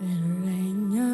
El leña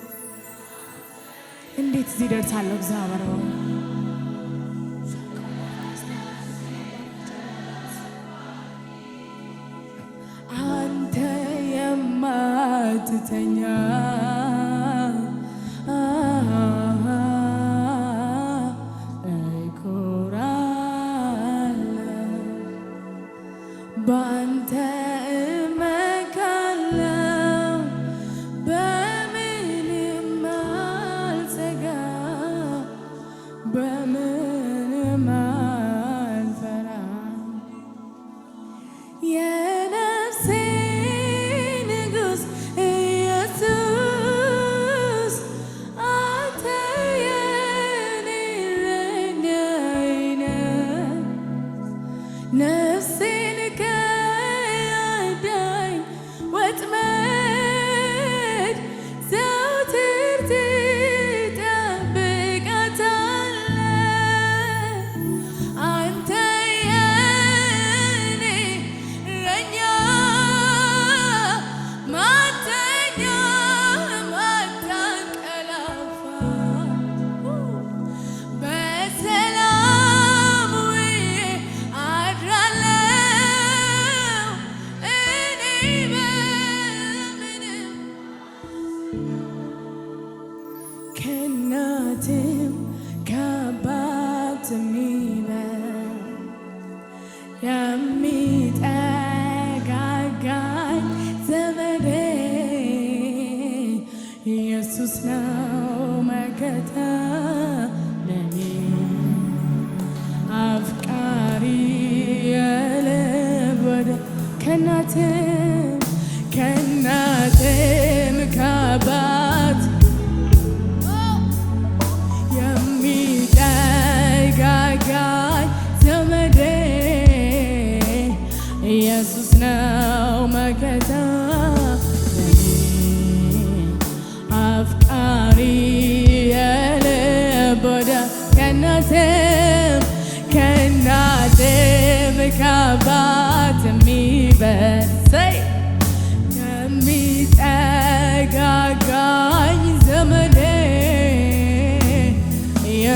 እንዴት እዚህ ደርሳለሁ? እግዚአብሔር አንተ የማትተኛ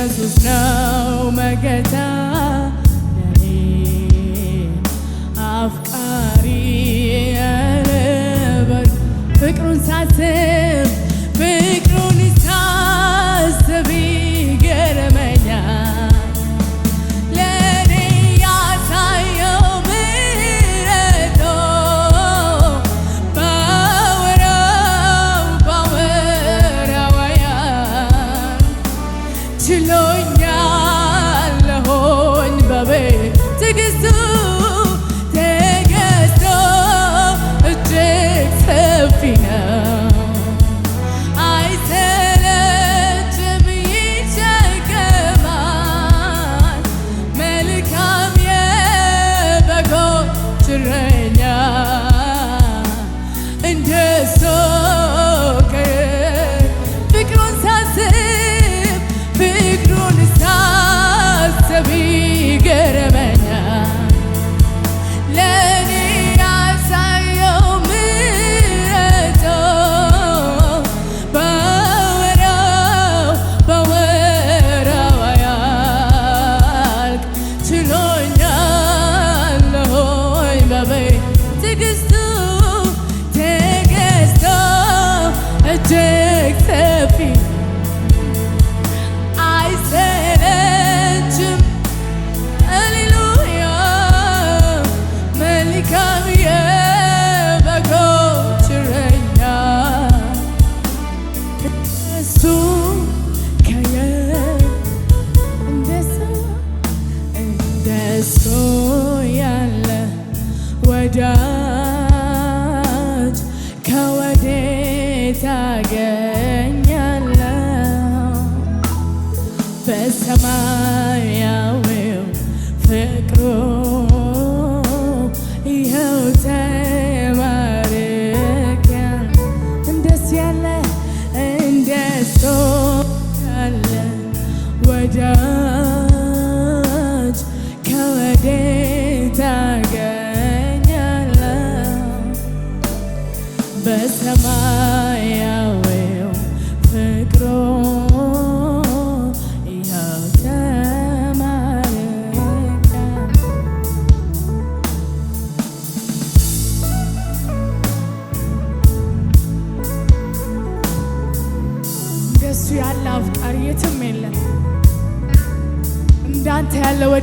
ኢየሱስ ነው መገታ ለኔ አፍቃሪ ፍቅሩን ሳስብ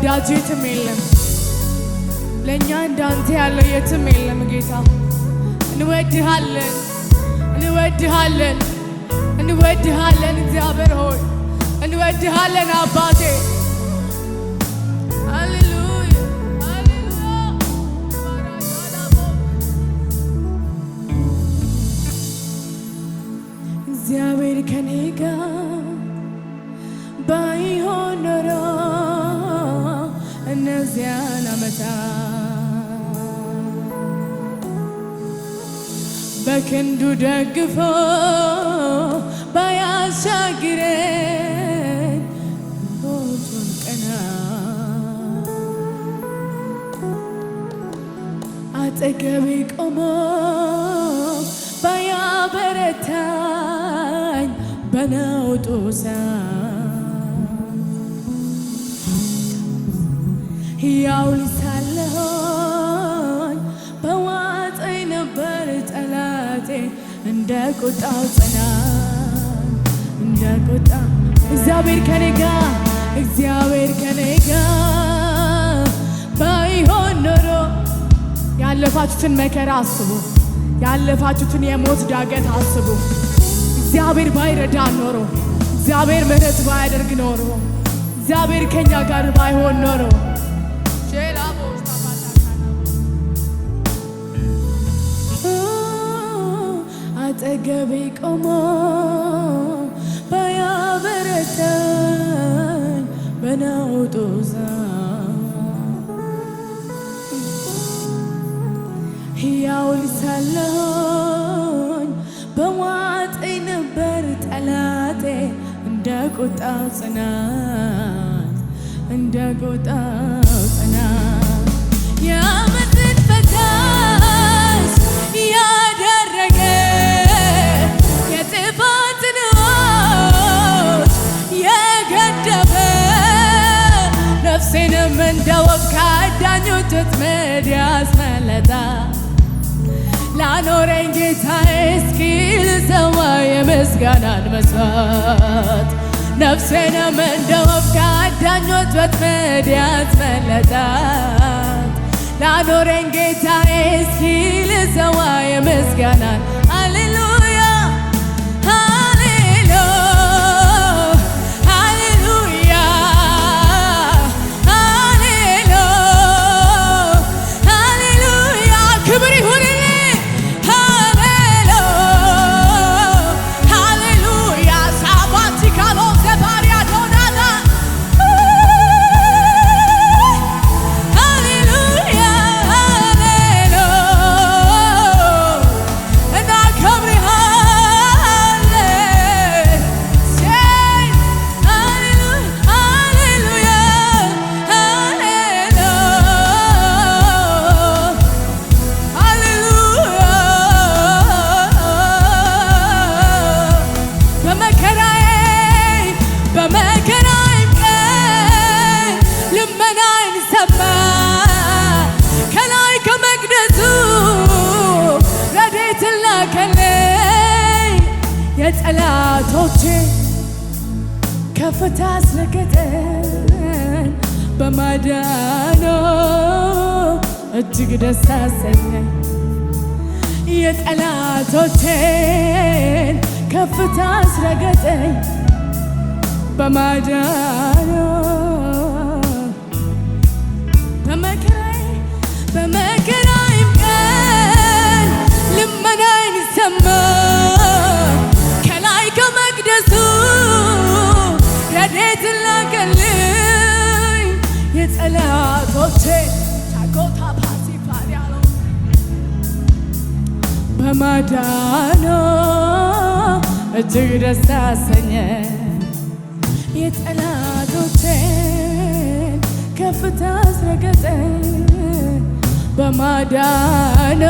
ወዳጅ የትም የለም። ለእኛ እንዳንተ ያለ የትም የለም። ጌታ እንወድሃለን፣ እንወድሃለን፣ እንወድሃለን። እግዚአብሔር ሆይ እንወድሃለን አባቴ በክንዱ ደግፎ ባያሻግረኝ ሞቱን ቀና አጠገቤ ቆሞ ባያበረታኝ በነውጡ ሰዓት እሳቴ እንደ ቁጣው ጽናት እንደ ቁጣው እግዚአብሔር ከኔ ጋር እግዚአብሔር ከኔ ጋር ባይሆን ኖሮ ያለፋችሁትን መከራ አስቡ። ያለፋችሁትን የሞት ዳገት አስቡ። እግዚአብሔር ባይረዳ ኖሮ እግዚአብሔር ምሕረት ባያደርግ ኖሮ እግዚአብሔር ከኛ ጋር ባይሆን ኖሮ አጠገቤ ቆሞ ባያበረታኝ በናውጡ ሕያው በሟጠኝ ነበር ጠላቴ እንደ ቁጣ ጽናት እንደ ቁጣ እንደ ወግ ከዳኞች ወጥመድ ላኖረኝ ጌታዬ እስኪል ሰዋ የምስጋናን መስዋዕት ነፍሴንም እንደ ወግ ከዳኞች ወጥመድ ላኖረኝ ጌታዬ እስኪል ሰዋ የምስጋናን አዳነው እጅግ ደስ አሰኘኝ። የጠላቶቼን ከፍታ አስረገጠኝ በመከራዬ በመከራ ጠላቶቼ ቻጎታ ፓሲፋሪ አለው በማዳኖ እጅግ ደስ አሰኘ የጠላቶቼን ከፍታ አስረገጠ በማዳኖ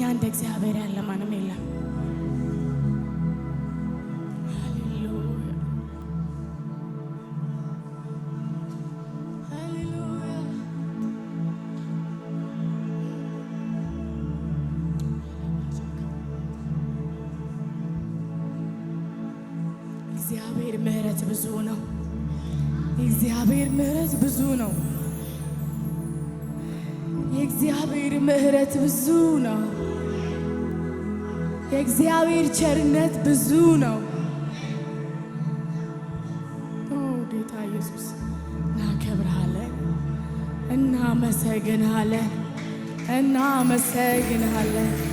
እንደኛ እንደ እግዚአብሔር ያለ ማንም የለም። እግዚአብሔር ምሕረት ብዙ ነው። የእግዚአብሔር ምሕረት ብዙ ነው። የእግዚአብሔር ምሕረት ብዙ ነው። የእግዚአብሔር ቸርነት ብዙ ነው። ጌታ ኢየሱስ እናከብርሃለን፣ እናመሰግንሃለን፣ እናመሰግንሃለን።